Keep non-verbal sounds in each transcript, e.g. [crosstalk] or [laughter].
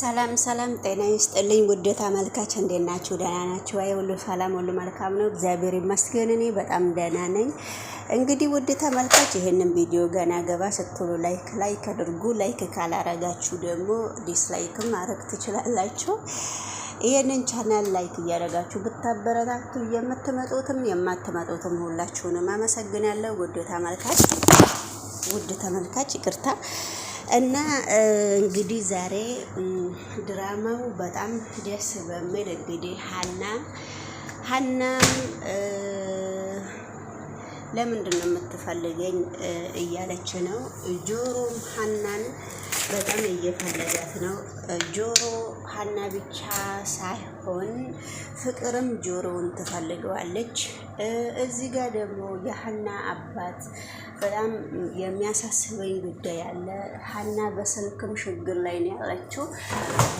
ሰላም ሰላም፣ ጤና ይስጥልኝ ውድ ተመልካች፣ እንዴት ናችሁ? ደህና ናችሁ? አይ ሁሉ ሰላም፣ ሁሉ መልካም ነው፣ እግዚአብሔር ይመስገን። እኔ በጣም ደህና ነኝ። እንግዲህ ውድ ተመልካች፣ ይህንን ቪዲዮ ገና ገባ ስትሉ ላይክ ላይክ አድርጉ። ላይክ ካላረጋችሁ ደግሞ ዲስላይክም ማድረግ ትችላላችሁ። ይህንን ቻናል ላይክ እያደረጋችሁ ብታበረታቱ የምትመጡትም የማትመጡትም ሁላችሁንም አመሰግናለሁ። ውድ ተመልካች ውድ ተመልካች ይቅርታ እና እንግዲህ ዛሬ ድራማው በጣም ደስ በሚል እንግዲህ ሀና ሀና ለምንድን ነው የምትፈልገኝ እያለች ነው። ጆሮም ሀናን በጣም እየፈለጋት ነው። ጆሮ ሀና ብቻ ሳይሆን ሲሆን ፍቅርም ጆሮውን ትፈልገዋለች። እዚህ ጋር ደግሞ የሀና አባት በጣም የሚያሳስበኝ ጉዳይ አለ። ሀና በስልክም ችግር ላይ ነው ያለችው።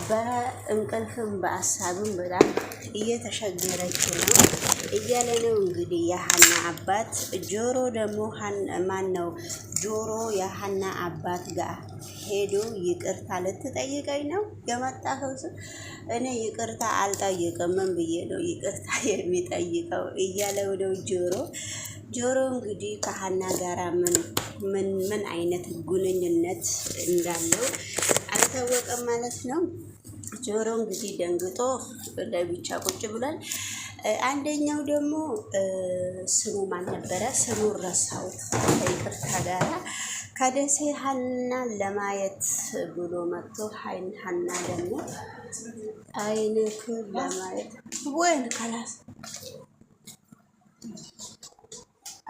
በእንቅልፍም በአሳብም በጣም እየተሸገረች ነው እያለ ነው እንግዲህ የሀና አባት ጆሮ ደግሞ ማን ነው ጆሮ የሀና አባት ጋር ሄዶ ይቅርታ ልትጠይቀኝ ነው የመጣኸው? እኔ ይቅርታ አልጠይቅም ብዬ ነው ይቅርታ [laughs] የሚጠይቀው? እያለው ነው ጆሮ ጆሮ እንግዲህ ከሀና ጋራ ምን ምን ምን አይነት ግንኙነት እንዳለው አልታወቀም ማለት ነው። ጆሮ እንግዲህ ደንግጦ ለብቻ ቁጭ ብሏል። አንደኛው ደግሞ ስሙ ማን ነበረ? ስሙ ረሳው ከይቅርታ ጋራ ከደሴ ሀና ለማየት ብሎ መጥቶ ሀይን ሀና ደግሞ አይንክ ለማየት ወይን ከላስ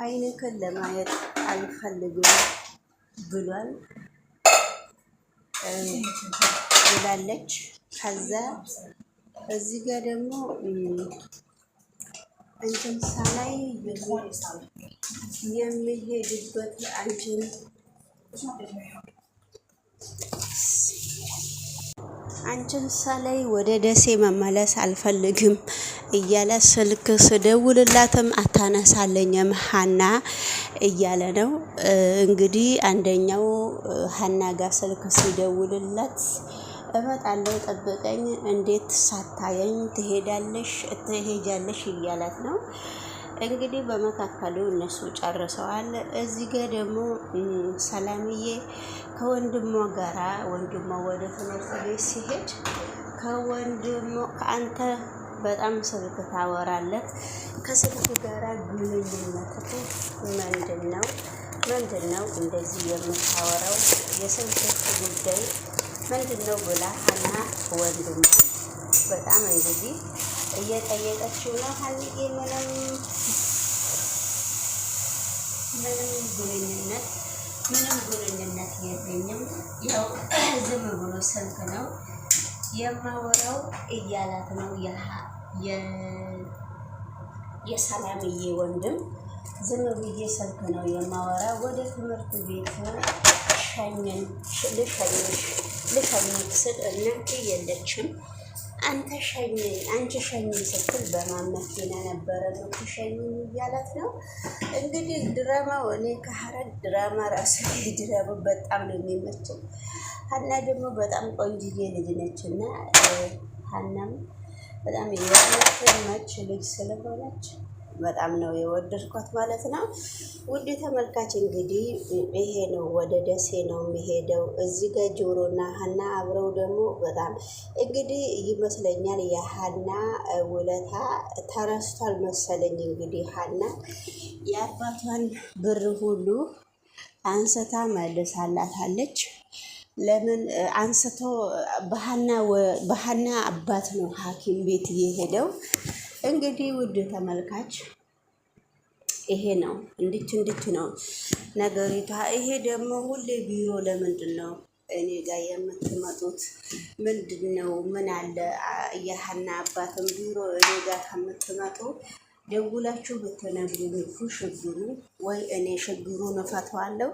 አይንክን ለማየት አልፈልግም ብሏል ብላለች። ከዛ እዚህ ጋር ደግሞ አንጀም ሳላይ የሚሄድበት አንጀም አንቺን ሳላይ ወደ ደሴ መመለስ አልፈልግም እያለ ስልክ ስደውልላትም አታነሳለኝም ሀና እያለ ነው። እንግዲህ አንደኛው ሀና ጋር ስልክ ሲደውልላት እመጣለሁ ጠብቀኝ፣ እንዴት ሳታየኝ ትሄዳለሽ ትሄጃለሽ እያላት ነው እንግዲህ በመካከሉ እነሱ ጨርሰዋል። እዚህ ጋር ደግሞ ሰላምዬ ከወንድሟ ጋራ ወንድሞ ወደ ትምህርት ቤት ሲሄድ ከወንድሞ ከአንተ በጣም ስልክ ታወራለህ፣ ከስልክ ጋራ ግንኙነት ምንድን ነው? ምንድን ነው እንደዚህ የምታወራው የስልክ ጉዳይ ምንድን ነው ብላ ሀና ወንድሟ በጣም እንግዲህ እየጠየቀችው ነው። ሀኒዬ ምንም ምንም ግንኙነት ምንም ግንኙነት የለኝም፣ ያው ዝም ብሎ ስልክ ነው የማወራው እያላት ነው የሰላምዬ ወንድም። ዝም ብዬ ስልክ ነው የማወራ ወደ ትምህርት ቤት ሸኝን ልሸኝሽ ልሸኝት እናቴ የለችም አንተ ሸኝ አንቺ ሸኝ ስትል በማን መኪና ነበረ ትሸኝ እያላት ነው እንግዲህ ድራማው። እኔ ከሀረግ ድራማ ራሱ ድራማ በጣም ነው የሚመችው። ሀና ደግሞ በጣም ቆንጅዬ ልጅ ነች እና ሀናም በጣም የመች ልጅ ስለሆነች በጣም ነው የወደድኳት ማለት ነው። ውድ ተመልካች እንግዲህ ይሄ ነው፣ ወደ ደሴ ነው የሚሄደው። እዚህ ጋር ጆሮና ሀና አብረው ደግሞ በጣም እንግዲህ ይመስለኛል የሀና ውለታ ተረስቷል መሰለኝ። እንግዲህ ሀና የአባቷን ብር ሁሉ አንስታ መልሳላታለች። ለምን አንስቶ በሀና አባት ነው ሐኪም ቤት የሄደው እንግዲህ ውድ ተመልካች ይሄ ነው እንድች እንድች ነው ነገሪቷ። ይሄ ደግሞ ሁሌ ቢሮ ለምንድን ነው እኔ ጋር የምትመጡት? ምንድን ነው ምን አለ የሀና አባትም ቢሮ እኔ ጋር ከምትመጡ ደውላችሁ ብትነግሩኝ እኮ ሽግሩ ወይ እኔ ችግሩን እፈታዋለሁ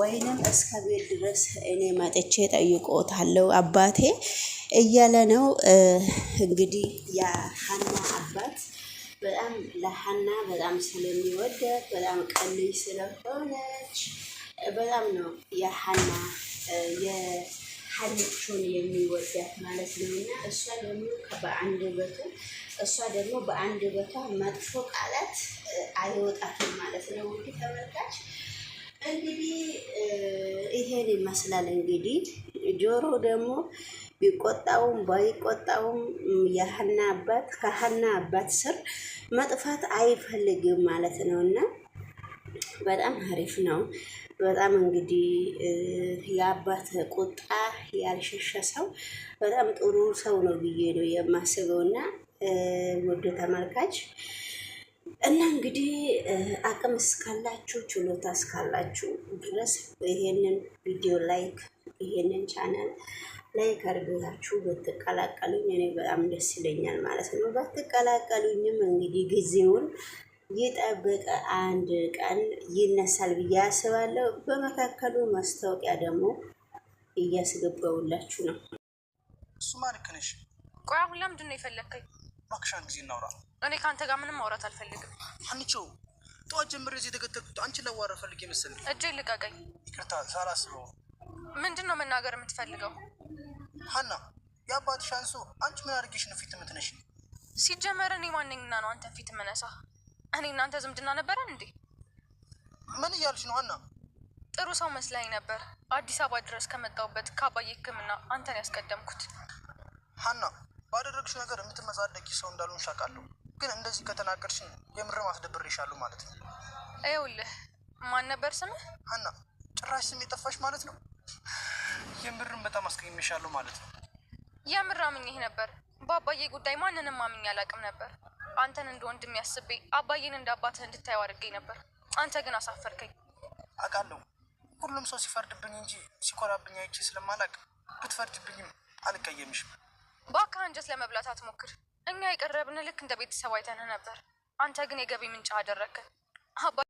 ወይንም እስከ ቤት ድረስ እኔ መጥቼ ጠይቆታለሁ አባቴ እያለ ነው እንግዲህ የሀና አባት በጣም ለሀና በጣም ስለሚወደት በጣም ቀልይ ስለሆነች በጣም ነው የሀና የሀልቾን የሚወዳት ማለት ነው። እና እሷ ደግሞ በአንድ በቱ እሷ ደግሞ በአንድ በቷ መጥፎ ቃላት አይወጣትም ማለት ነው። እንግዲህ ተመልካች እንግዲህ ይሄን ይመስላል። እንግዲህ ጆሮ ደግሞ ቢቆጣውም ባይቆጣውም የሀና አባት ከሀና አባት ስር መጥፋት አይፈልግም ማለት ነው እና በጣም አሪፍ ነው። በጣም እንግዲህ የአባት ቁጣ ያልሸሸ ሰው በጣም ጥሩ ሰው ነው ብዬ ነው የማስበው እና ወደ ተመልካች እና እንግዲህ አቅም እስካላችሁ ችሎታ እስካላችሁ ድረስ ይሄንን ቪዲዮ ላይክ ይሄንን ቻናል ላይክ አድርጋችሁ ብትቀላቀሉኝ እኔ በጣም ደስ ይለኛል ማለት ነው። ባትቀላቀሉኝም እንግዲህ ጊዜውን የጠበቀ አንድ ቀን ይነሳል ብዬ አስባለሁ። በመካከሉ ማስታወቂያ ደግሞ እያስገባውላችሁ ነው። እሱማ ልክ ነሽ። ቆይ አሁን ለምንድን ነው የፈለግከኝ? ማክሻን ጊዜ እናውራ። እኔ ከአንተ ጋር ምንም ማውራት አልፈልግም። አንቺው ጠዋት ጀምሬ እዚህ የተገተኩት አንቺን ላዋራ ፈልጌ መሰለኝ። እጄ ልቀቀኝ። ይቅርታ ሳላስበው። ምንድን ነው መናገር የምትፈልገው? ሀና የአባትሽ አንሶ አንቺ ምን አድርጌሽ ነው ፊት ምትነሽ? ሲጀመር እኔ ማንኝና ነው አንተን ፊት ምነሳ? እኔ እናንተ ዝምድና ነበረን እንዴ? ምን እያልሽ ነው ሀና? ጥሩ ሰው መስላኝ ነበር። አዲስ አበባ ድረስ ከመጣሁበት ከአባዬ ሕክምና አንተን ያስቀደምኩት። ሀና ባደረግሽ ነገር የምትመጻደቂ ሰው እንዳልሆንሽ አውቃለሁ፣ ግን እንደዚህ የምር የምርም አስደብሬሻለሁ ማለት ነው። ይኸውልህ ማን ነበር ስምህ? ሀና ጭራሽ ስም የጠፋሽ ማለት ነው። የምርን በጣም አስቀይሜሻለሁ ማለት ነው። የምር አምኜህ ነበር። በአባዬ ጉዳይ ማንንም አምኜ አላውቅም ነበር። አንተን እንደ ወንድም ያስቤ አባዬን እንደ አባትህ እንድታየው አድርገኝ ነበር። አንተ ግን አሳፈርከኝ። አውቃለሁ ሁሉም ሰው ሲፈርድብኝ እንጂ ሲኮራብኝ አይቼ ስለማላውቅ ብትፈርድብኝም አልቀየምሽም። በአካ አንጀት ለመብላት አትሞክር። እኛ የቀረብን ልክ እንደ ቤተሰብ አይተንህ ነበር። አንተ ግን የገቢ ምንጭ አደረግከን።